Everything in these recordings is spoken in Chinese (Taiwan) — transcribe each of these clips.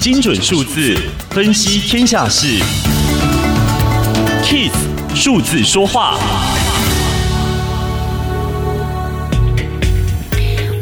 精準數字分析天下事，KISS 數字說話。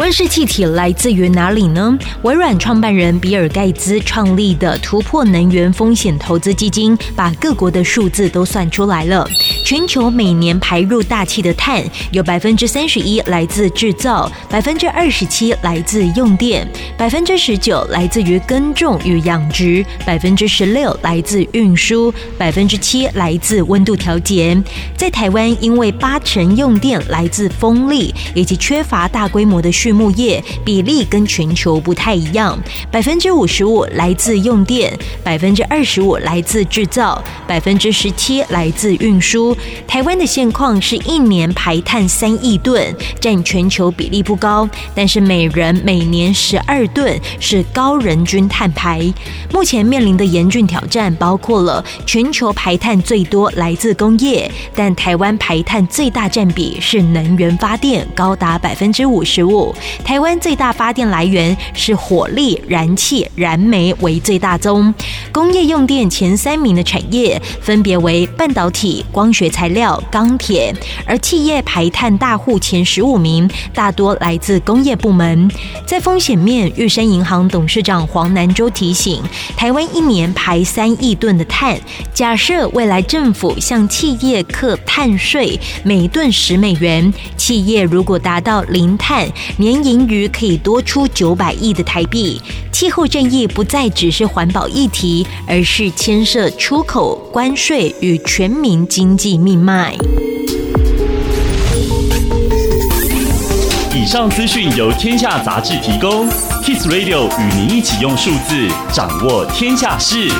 溫室氣體來自於哪裡呢？微軟創辦人比爾蓋茲創立的突破能源風險投資基金，把各國的數字都算出來了。全球每年排入大氣的碳，有百分之三十一來自製造，百分之二十七來自用電，百分之十九來自於耕種與養殖，百分之十六來自運輸，百分之七來自溫度調節。在台灣，因為八成用電來自風力，以及缺乏大規模的需畜牧業比例跟全球不太一樣，百分之五十五來自用電，百分之二十五來自製造，百分之十七來自運輸。台灣的現況是一年排碳三億噸，占全球比例不高，但是每人每年十二噸是高人均碳排。目前面臨的嚴峻挑戰包括了全球排碳最多來自工業，但台灣排碳最大占比是能源發電，高達百分之五十五。台灣最大發電來源是火力、燃氣、燃煤為最大宗。工業用電前三名的產業分別為半導體、光學材料、鋼鐵。而企業排碳大戶前十五名，大多來自工業部門。在風險面，玉山銀行董事長黃南洲提醒，台灣一年排三億噸的碳，假設未來政府向企業課碳稅，每噸十美元，企業如果達到零碳年盈餘可以多出九百億的台幣，氣候正義不再只是環保議題，而是牽涉出口、關稅與全民經濟命脈。以上資訊由天下雜誌提供，Kiss Radio 與您一起用數字掌握天下事。